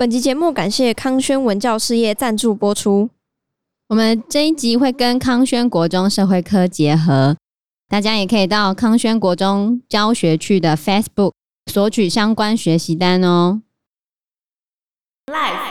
本集節目感謝康軒文教事業贊助播出。我們這一集會跟康軒國中社會科結合，大家也可以到康軒國中教學區的 Facebook 索取相關學習單哦。Live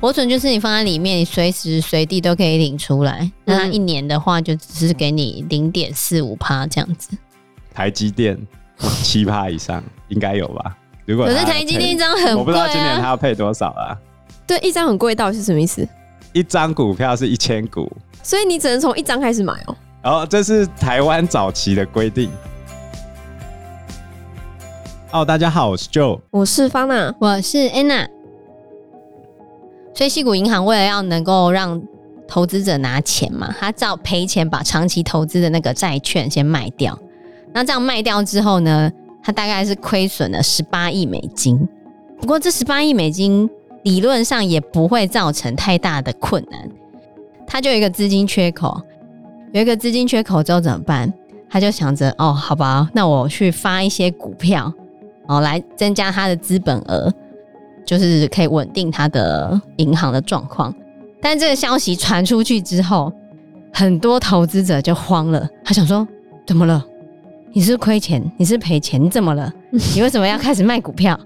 活存就是你放在裡面，你隨時隨地都可以領出來。嗯、那一年的話，就只是給你零點四五趴這樣子。台積電。七趴 以上應該有吧？如果可是台積電一張很貴，啊、我不知道今年它要配多少啊？對，一張很貴，到底是什麼意思？一張股票是一千股，所以你只能從一張開始買哦。哦，這是臺灣早期的規定。Hello，、哦、大家好，我是 Joe，我是方娜，我是 Anna。所以矽谷銀行為了要能夠讓投資者拿錢嘛，他照賠錢把長期投資的那個債券先賣掉。那這樣賣掉之後呢，他大概是虧損了十八億美金。不過這十八億美金理論上也不會造成太大的困難。他就有一個資金缺口，有一個資金缺口之後怎麼辦？他就想着哦，好吧，那我去發一些股票哦，來增加他的資本額，就是可以穩定他的銀行的狀況。但這個消息傳出去之後，很多投資者就慌了。他想說，怎麼了？你是虧錢，你是賠錢，你怎麼了？ 你為什麼要開始賣股票？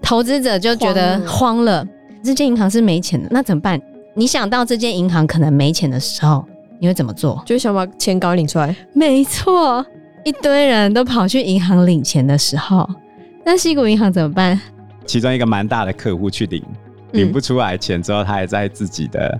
投資者就覺得慌了。這間銀行是沒錢的，那怎麼辦？你想到這間銀行可能沒錢的時候，你會怎麼做？就想把錢搞領出來。沒錯，一堆人都跑去銀行領錢的時候，那矽谷銀行怎麼辦？其中一個蠻大的客戶去領，領不出來錢之後，他還在自己的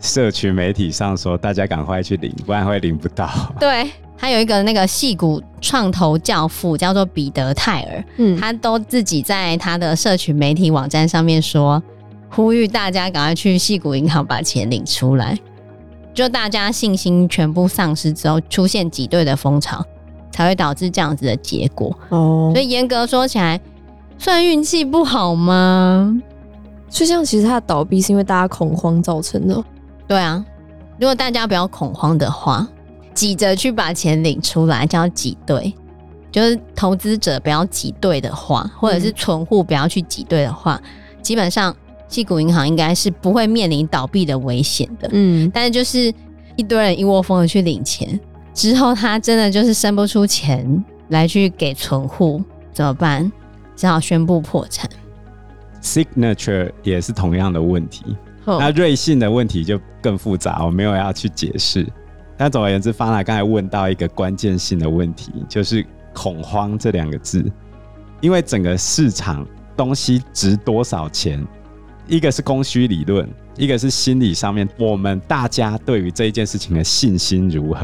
社群媒體上說：“大家趕快去領，不然會領不到。”對。他有一個那個矽谷創投教父，叫做彼得泰爾，嗯，他都自己在他的社群媒體網站上面說，呼籲大家趕快去矽谷銀行把錢領出來，就大家信心全部喪失之後，出現擠兌的風潮，才會導致這樣子的結果哦。所以嚴格說起來，算運氣不好嗎？就像其實他倒閉是因為大家恐慌造成的。對啊，如果大家不要恐慌的話。擠着去把錢領出來，叫擠兌。就是投資者不要擠兌的話，或者是存戶不要去擠兌的話，嗯、基本上，矽谷銀行應該是不會面臨倒閉的危險的。嗯，但是就是一堆人一窩蜂的去領錢之後，他真的就是生不出錢來去給存戶，怎麼辦？只好宣布破產。Signature 也是同樣的問題。好那瑞信的問題就更複雜，我沒有要去解釋。但總而言之，Fana 剛才問到一個關鍵性的問題，就是恐慌這兩個字，因為整個市場東西值多少錢，一個是供需理論，一個是心理上面，我們大家對於這一件事情的信心如何？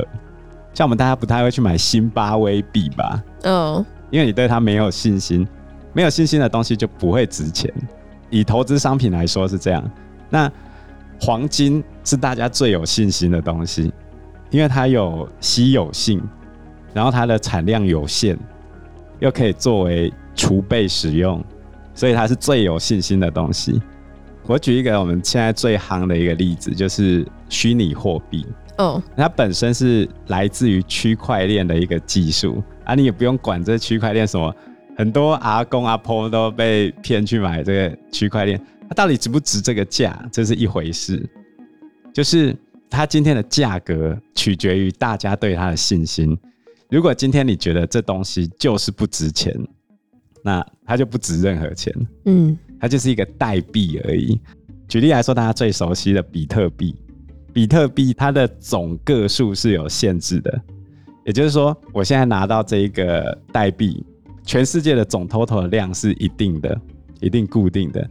像我們大家不太會去買辛巴威幣吧？嗯，oh. 因為你對它沒有信心，沒有信心的東西就不會值錢。以投資商品來說是這樣，那黃金是大家最有信心的東西。因為它有稀有性，然後它的產量有限，又可以作為儲備使用，所以它是最有信心的東西。我舉一個我們現在最行的一個例子，就是虛擬貨幣。哦，oh. 它本身是來自於區塊鏈的一個技術啊，你也不用管這區塊鏈什麼，很多阿公阿婆都被騙去買這個區塊鏈，它、啊、到底值不值這個價，這是一回事，就是。它今天的價格取決於大家對它的信心。如果今天你覺得這東西就是不值錢，那它就不值任何錢。嗯，它就是一個代幣而已。舉例來說，大家最熟悉的比特幣，比特幣它的總個數是有限制的，也就是說，我現在拿到這一個代幣，全世界的總 total 的量是一定的，一定固定的。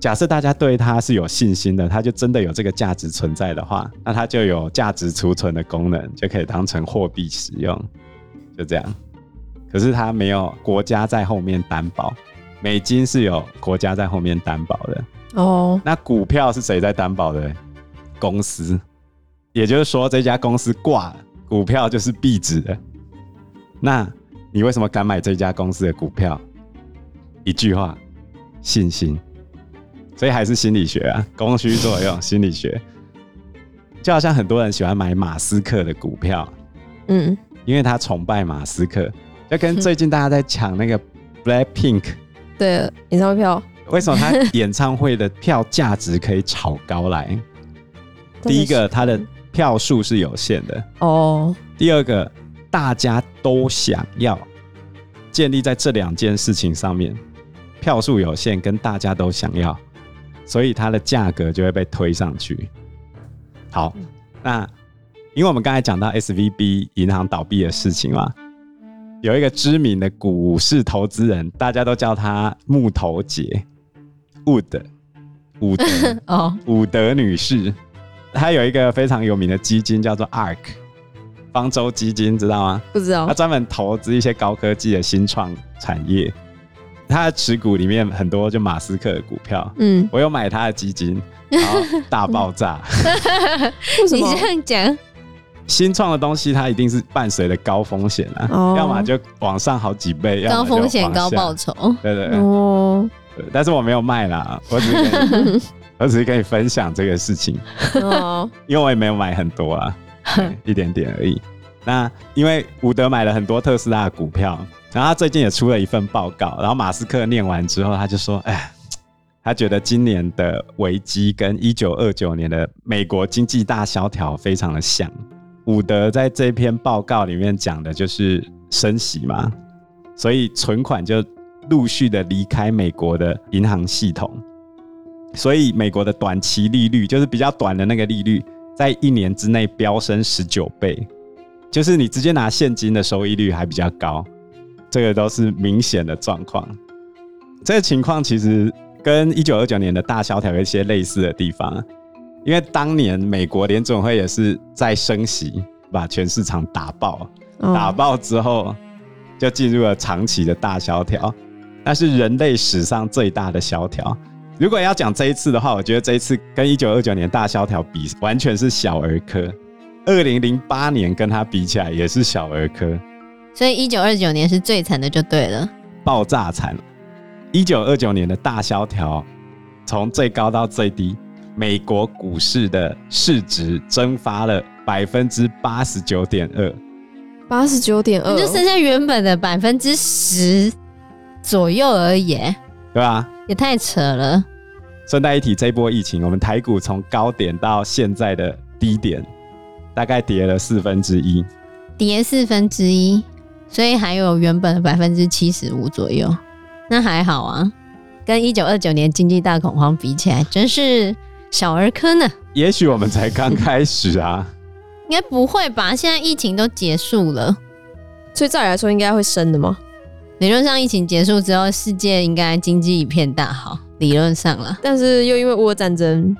假設大家對它是有信心的，它就真的有這個價值存在的話，那它就有價值儲存的功能，就可以當成貨幣使用，就這樣。可是它沒有國家在後面擔保，美金是有國家在後面擔保的哦。Oh. 那股票是誰在擔保的？公司，也就是說這家公司掛股票就是壁紙的。那你為什麼敢買這家公司的股票？一句話，信心。所以還是心理學啊，供需作用 心理學，就好像很多人喜歡買馬斯克的股票，嗯，因為他崇拜馬斯克，就跟最近大家在搶那個 Black Pink，對，演唱會票，為什麼他演唱會的票價值可以炒高來？ 第一個，他的票數是有限的哦，第二個，大家都想要，建立在這兩件事情上面，票數有限跟大家都想要。所以它的價格就會被推上去。好，嗯，那因為我們剛才講到 SVB 銀行倒閉的事情嘛，有一個知名的股市投資人，大家都叫他木頭姐，Wood 伍德 哦伍德女士，她有一個非常有名的基金叫做 Ark 方舟基金，知道嗎？不知道。她專門投資一些高科技的新創產業。他的持股裡面很多就馬斯克的股票，嗯，我有買他的基金，然後大爆炸。你這樣講，新創的東西它一定是伴隨着高風險啊，oh, 要麼就往上好幾倍，要高風險高報酬。對對哦，oh，但是我沒有賣啦，我只是 我只是跟你分享這個事情哦， 因為我也沒有買很多啊，oh，一點點而已。那因為伍德買了很多特斯拉的股票，然後他最近也出了一份報告，然後馬斯克念完之後，他就說：“哎，他覺得今年的危機跟一九二九年的美國經濟大蕭條非常的像。”伍德在這篇報告裡面講的就是升息嘛，所以存款就陸續的離開美國的銀行系統，所以美國的短期利率就是比較短的那個利率，在一年之內飆升十九倍。就是你直接拿現金的收益率還比較高，這個都是明顯的狀況。這個情況其實跟一九二九年的大蕭條有一些類似的地方，因為當年美國聯準會也是在升息，把全市場打爆，嗯、打爆之後就進入了長期的大蕭條，那是人類史上最大的蕭條。如果要講這一次的話，我覺得這一次跟一九二九年大蕭條比，完全是小兒科。二零零八年跟他比起來也是小兒科，所以一九二九年是最慘的，就對了，爆炸慘。一九二九年的大蕭條，從最高到最低，美國股市的市值蒸發了百分之八十九點二，八十九點二，就剩下原本的百分之十左右而已，對吧、啊？也太扯了。順帶一提，這波疫情，我們台股從高點到現在的低點。大概跌了四分之一，跌四分之一，所以還有原本的百分之七十五左右，那還好啊。跟一九二九年經濟大恐慌比起來，真是小兒科呢。也許我們才剛開始啊， 應該不會吧？現在疫情都結束了，所以照理來說應該會升的嗎？理論上，疫情結束之後，世界應該經濟一片大好，理論上了。但是又因為俄烏戰爭。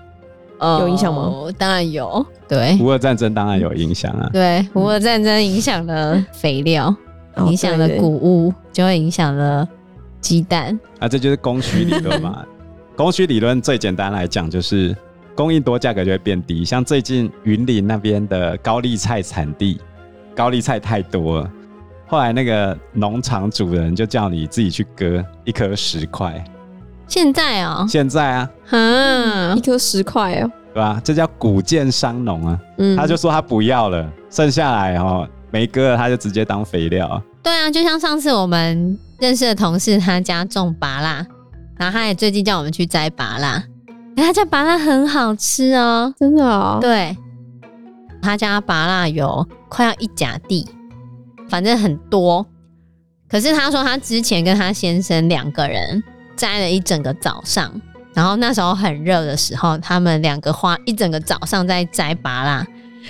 哦、有影響嗎？當然有，對。烏俄戰爭當然有影響啊。對，烏俄戰爭影響了肥料，嗯、影響了穀物，嗯、就會影響了雞蛋。哦、啊，這就是供需理論嘛。 供需理論最簡單來講就是，供應多，價格就會變低。像最近雲林那邊的高麗菜產地，高麗菜太多了，後來那個農場主人就叫你自己去割一石，一顆十塊。現在啊？現在啊？嗯，一顆十塊哦，對吧、啊？這叫穀賤傷農啊！嗯、他就說他不要了，剩下來哦沒割了，他就直接當肥料。對啊，就像上次我們認識的同事，他家種芭樂，然後他也最近叫我們去摘芭樂，欸、他家芭樂很好吃哦，真的啊、哦！對，他家芭樂有快要一甲地，反正很多。可是他說他之前跟他先生兩個人摘了一整個早上。然後那時候很熱的時候，他們兩個花一整個早上在摘芭樂，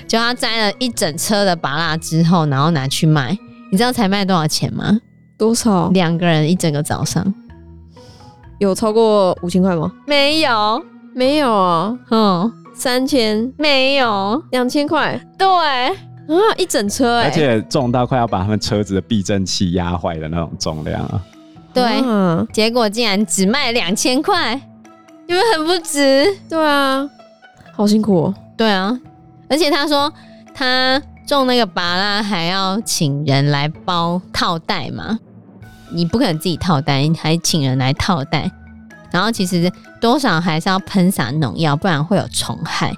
就他摘了一整車的芭樂之後，然後拿去賣。你知道才賣多少錢嗎？多少？兩個人一整個早上有超過五千塊嗎？沒有，沒有啊，嗯，三千，沒有兩千塊，對啊，一整車、欸，而且重到快要把他們車子的避震器壓壞的那種重量啊，對，嗯、結果竟然只賣兩千塊。因為很不值，對啊，好辛苦喔，對啊，而且他說他種那個芭樂還要請人來包套袋嘛，你不可能自己套袋，還請人來套袋，然後其實多少還是要噴灑農藥，不然會有蟲害。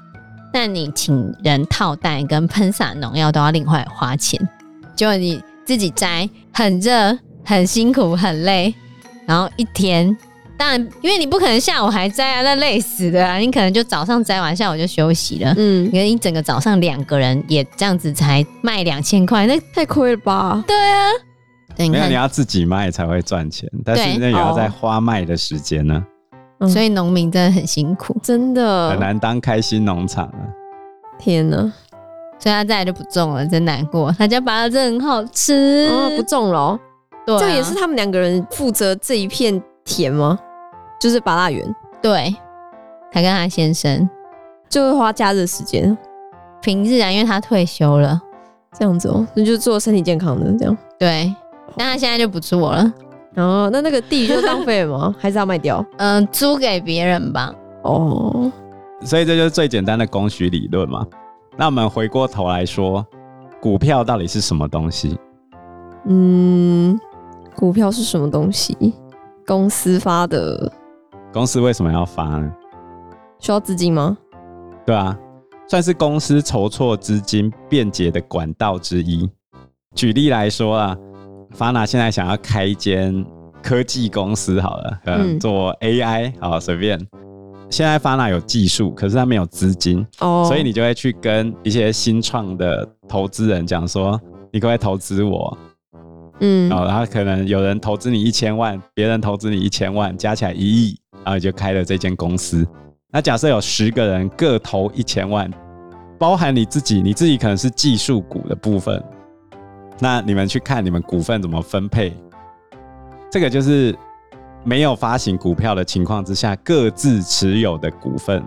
但你請人套袋跟噴灑農藥都要另外花錢，就你自己摘，很熱，很辛苦，很累，然後一天。當然，因為你不可能下午還摘啊，那累死的啊！你可能就早上摘完，下午就休息了。嗯，因為一整個早上兩個人也這樣子才賣兩千塊，那太虧了吧？對啊，沒有你，你要自己賣才會賺錢，但是那也要再花賣的時間呢。哦嗯、所以農民真的很辛苦，真的很難當開心農場啊！天啊哪，所以他再也就不種了，真難過。他家芭樂真的很好吃哦，不種了、哦。對、啊，這也是他們兩個人負責這一片田嗎？就是八大員，對，他跟他先生就會花假日的時間，平日啊，因為他退休了，這樣子哦、喔，那就，就做身體健康的這樣，對。那、哦、他現在就不做了，然後、哦、那那個地就浪費了嗎？ 還是要賣掉？嗯、呃，租給別人吧。哦，所以這就是最簡單的供需理論嘛。那我們回過頭來說，股票到底是什麼東西？嗯，股票是什麼東西？公司發的。公司為什麼要發呢？需要資金嗎？對啊，算是公司籌措資金便捷的管道之一。舉例來說啊，Fana 現在想要開一間科技公司，好了，可能做 AI，嗯，做 AI，好，隨便。現在 Fana 有技術，可是他沒有資金哦，所以你就會去跟一些新創的投資人講說：“你可不可以投資我？”嗯、哦，然後可能有人投資你一千萬，別人投資你一千萬，加起來一億。然後就開了這間公司。那假設有十個人各投一千萬，包含你自己，你自己可能是技術股的部分。那你們去看你們股份怎麼分配？這個就是沒有發行股票的情況之下各自持有的股份。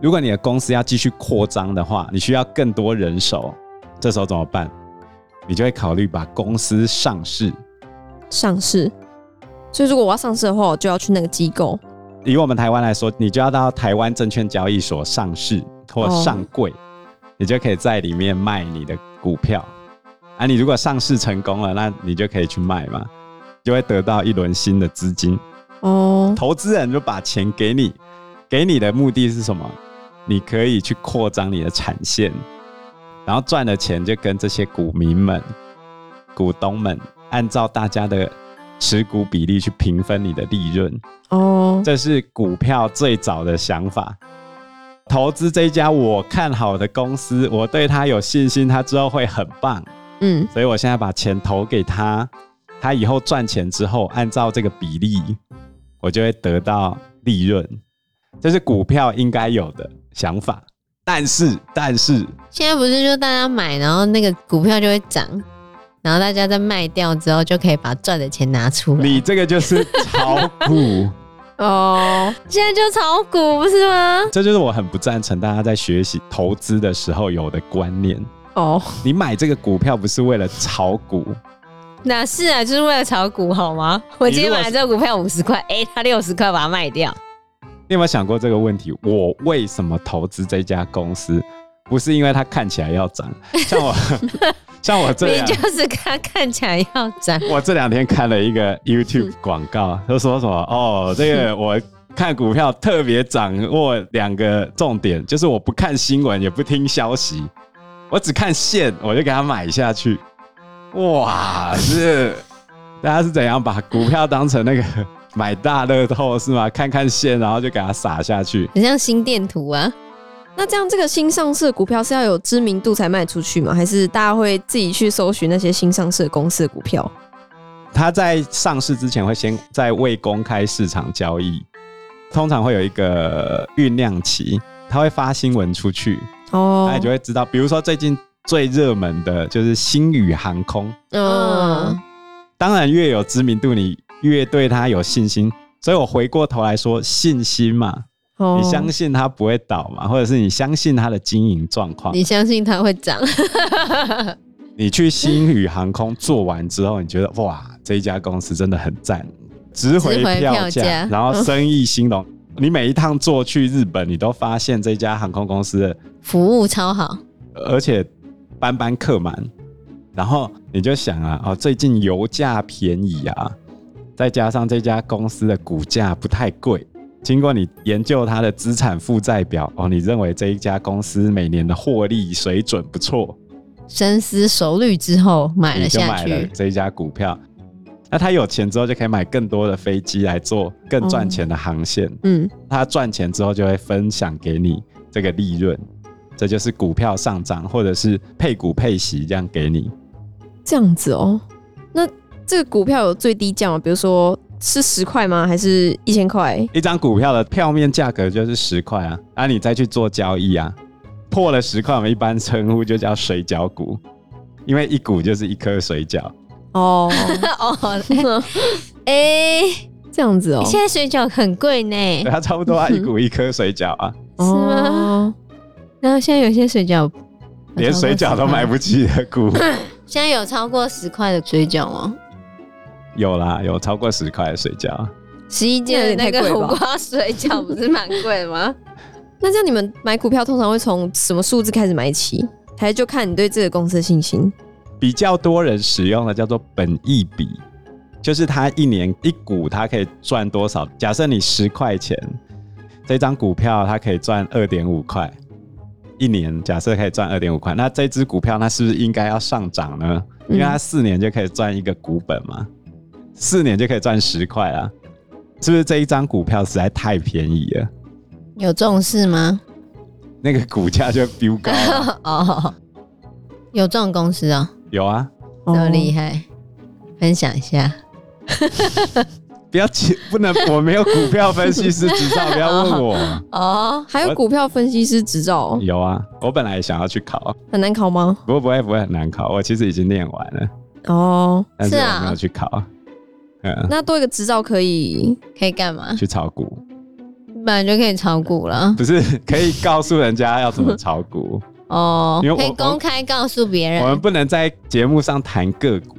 如果你的公司要繼續擴張的話，你需要更多人手，這時候怎麼辦？你就會考慮把公司上市。上市。所以，如果我要上市的話，我就要去那個機構。以我們台灣來說，你就要到台灣證券交易所上市或上櫃，哦、你就可以在裡面賣你的股票。啊，你如果上市成功了，那你就可以去賣嘛，就會得到一輪新的資金。哦，投資人就把錢給你，給你的目的是什麼？你可以去擴張你的產線，然後賺的錢就跟這些股民們、股東們按照大家的。持股比例去平分你的利潤哦，這是股票最早的想法。投資這家我看好的公司，我對他有信心，他之後會很棒。嗯，所以我現在把錢投給他，他以後賺錢之後，按照這個比例，我就會得到利潤。這是股票應該有的想法。但是，但是現在不是說大家買，然後那個股票就會漲。然後大家在賣掉之後，就可以把賺的錢拿出來。你這個就是炒股 哦，現在就炒股不是嗎？這就是我很不贊成大家在學習投資的時候有的觀念哦。你買這個股票不是為了炒股，那是啊，就是為了炒股好嗎？我今天買了這個股票五十塊，哎，它六十塊把它賣掉。你有沒有想過這個問題？我為什麼投資這家公司？不是因為它看起來要漲，像我。 像我這樣，就是他看起來要漲。我這兩天看了一個 YouTube 廣告，他說什麼？哦，這個我看股票特別掌握兩個重點，就是我不看新聞，也不聽消息，我只看線，我就給他買下去。哇，是大家是怎樣把股票當成那個買大樂透是嗎？看看線，然後就給他撒下去，很像心電圖啊。那這樣，這個新上市的股票是要有知名度才賣出去嗎？還是大家會自己去搜尋那些新上市的公司的股票？它在上市之前會先在未公開市場交易，通常會有一個醞釀期，它會發新聞出去，哦，那你就會知道。比如說最近最熱門的就是星宇航空，嗯，當然越有知名度，你越對它有信心。所以我回過頭來說，信心嘛。Oh, 你相信它不會倒嗎？或者是你相信它的經營狀況？你相信它會漲？ 你去星宇航空坐完之後，你覺得哇，這一家公司真的很讚，值回票價，票價，然後生意興隆。 你每一趟坐去日本，你都發現這家航空公司的服務超好，而且班班客滿。然後你就想啊，哦，最近油價便宜啊，再加上這家公司的股價不太貴。經過你研究他的資產負債表哦，你認為這一家公司每年的獲利水準不錯，深思熟慮之後買了下去，就買了這一家股票。那他有錢之後就可以買更多的飛機來做更賺錢的航線。哦、嗯，他賺錢之後就會分享給你這個利潤，這就是股票上漲或者是配股配息這樣給你。這樣子哦，那這個股票有最低價嗎？比如說。是十塊嗎？還是一千塊？一張股票的票面價格就是十塊啊，然、啊、後你再去做交易啊，破了十塊，我們一般稱呼就叫水餃股，因為一股就是一顆水餃。哦哦，哎，這樣子哦、喔，現在水餃很貴呢，對啊，差不多啊，一股一顆水餃啊，嗯哦、是嗎？然後、啊、現在有些水餃連水餃都買不起的股，現在有超過十塊的水餃嗎？有啦，有超過十塊的水餃，十一件 那個苦瓜水餃不是蠻貴嗎？那像你們買股票通常會從什麼數字開始買起？還是就看你對這個公司的信心？比較多人使用的叫做本益比，就是它一年一股它可以賺多少？假設你十塊錢，這張股票它可以賺二點五塊一年，假設可以賺二點五塊，那這支股票它是不是應該要上漲呢？因為它四年就可以賺一個股本嘛。嗯四年就可以賺十塊了，是不是這一張股票實在太便宜了？有這種事嗎？那個股價就飆高、啊、 哦。有這種公司啊、哦？有啊，這麼厲害，哦、分享一下。 不要急，不能，我沒有股票分析師執照，不要問我哦，哦，還有股票分析師執照、哦？有啊，我本來想要去考，很難考嗎？不會不會，不會很難考。我其實已經念完了哦，但是我沒有去考。嗯、那多一個執照可以可以幹嘛？去炒股，本來就可以炒股了，不是？可以告訴人家要怎麼炒股 哦，可以公開告訴別人我。我們不能在節目上談個股，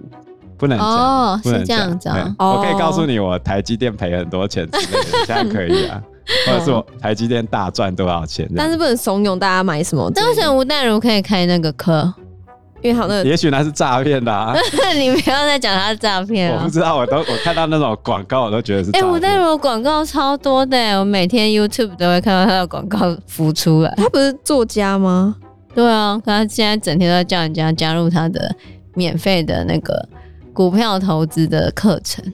不能哦，是這樣子。啊。對哦，我可以告訴你，我台積電賠很多錢之類的，這樣 可以啊。或者說台積電大賺多少錢？ 但是不能慫恿大家買什麼。但是我想吳淡如可以開那個課。因為好，那也許他是詐騙的、啊， 你不要再講他是詐騙、啊、 我不知道，我都我看到那種廣告， 我都覺得是、欸。哎，我那種廣告超多的，我每天 YouTube 都會看到他的廣告浮出來。他不是作家嗎？對啊，他現在整天都在叫人家加入他的免費的那個股票投資的課程。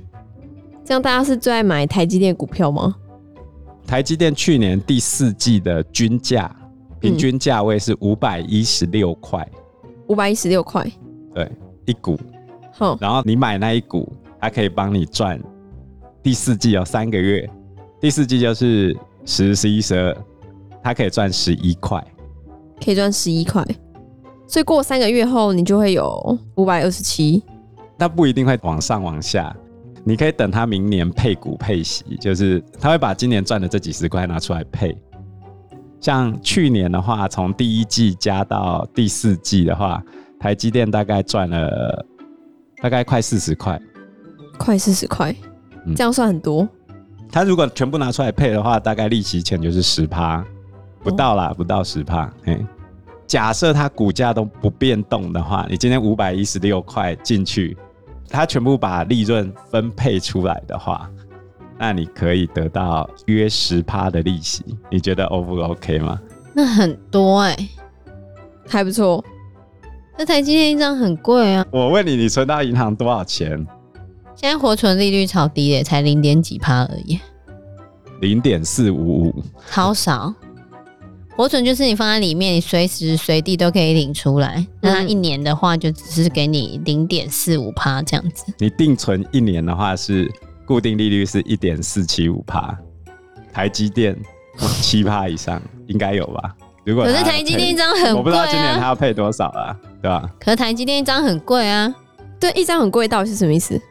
這樣大家是最愛買台積電股票嗎？台積電去年第四季的均價平均價位是五百一十六塊。嗯五百一十六塊，對，一股。哼、哦，然後你買那一股，它可以幫你賺第四季有三個月。第四季就是十、十一、十二，它可以賺十一塊，可以賺十一塊。所以過三個月後，你就會有五百二十七。那不一定會往上往下，你可以等它明年配股配息，就是它會把今年賺的這幾十塊拿出來配。像去年的話，從第一季加到第四季的話，台積電大概賺了大概快四十塊，快四十塊，嗯、這樣算很多。他如果全部拿出來配的話，大概利息錢就是十趴，不到啦，哦、不到十趴。誒，假設他股價都不變動的話，你今天五百一十六塊進去，他全部把利潤分配出來的話，那你可以得到約十趴的利息，你覺得 O 不 OK 嗎？那很多哎、欸，還不錯。那台積電一張很貴啊！我問你，你存到銀行多少錢？現在活存利率超低耶，才零點幾趴而已。零點四五五，好少。活存就是你放在裡面，你隨時隨地都可以領出來。嗯、那它一年的話，就只是給你零點四五趴這樣子。你定存一年的話是？固定利率是一點四七五趴，台積電七趴 以上應該有吧？如果可是台積電一張很、啊、我不知道今年它要配多少啊對吧、啊？可是台積電一張很貴啊！對，一張很貴，到底是什麼意思？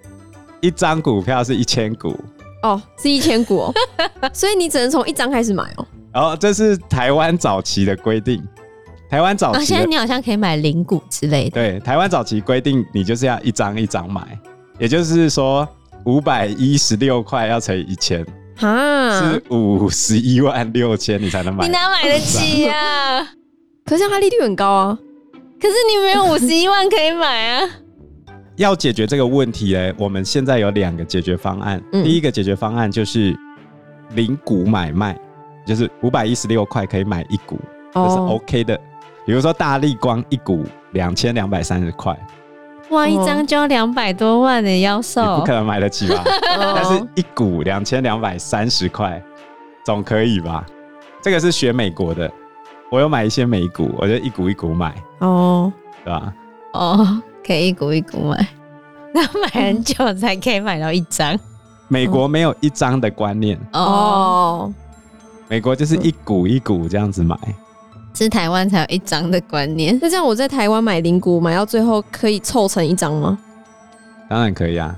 一張股票是一千股哦，是一千股、喔， 所以你只能從一張開始買、喔。哦，然後這是台灣早期的規定。台灣早期，啊、現在你好像可以買零股之類的。對，台灣早期規定你就是要一張一張買，也就是說。五百一十六塊要乘以一千啊，哈是五十一萬六千，你才能買。你哪買得起啊？是啊 可是它利率很高啊，可是你沒有五十一萬可以買啊。 要解決這個問題嘞，我們現在有兩個解決方案。嗯、第一個解決方案就是零股買賣，就是五百一十六塊可以買一股，哦、這是 OK 的。比如說，大立光一股兩千兩百三十塊。哇！一張就要兩百多萬的妖獸，哦、要收你不可能買得起吧？ 但是，一股兩千兩百三十塊，總可以吧？這個是學美國的，我有買一些美股，我就一股一股買。哦，對吧？哦，可以一股一股買，那買很久才可以買到一張。美國沒有一張的觀念哦，美國就是一股一股這樣子買。是台灣才有一張的觀念。那這樣我在台灣買零股，買到最後可以湊成一張嗎？當然可以啊。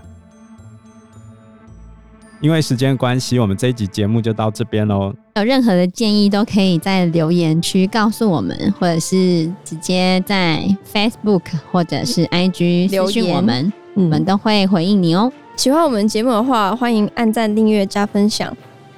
因為時間關係，我們這一集節目就到這邊嘍。有任何的建議都可以在留言區告訴我們，或者是直接在 Facebook 或者是 IG 留言，我們我們都會回應你哦、喔。喜歡我們節目的話，歡迎按讚、訂閱、加分享。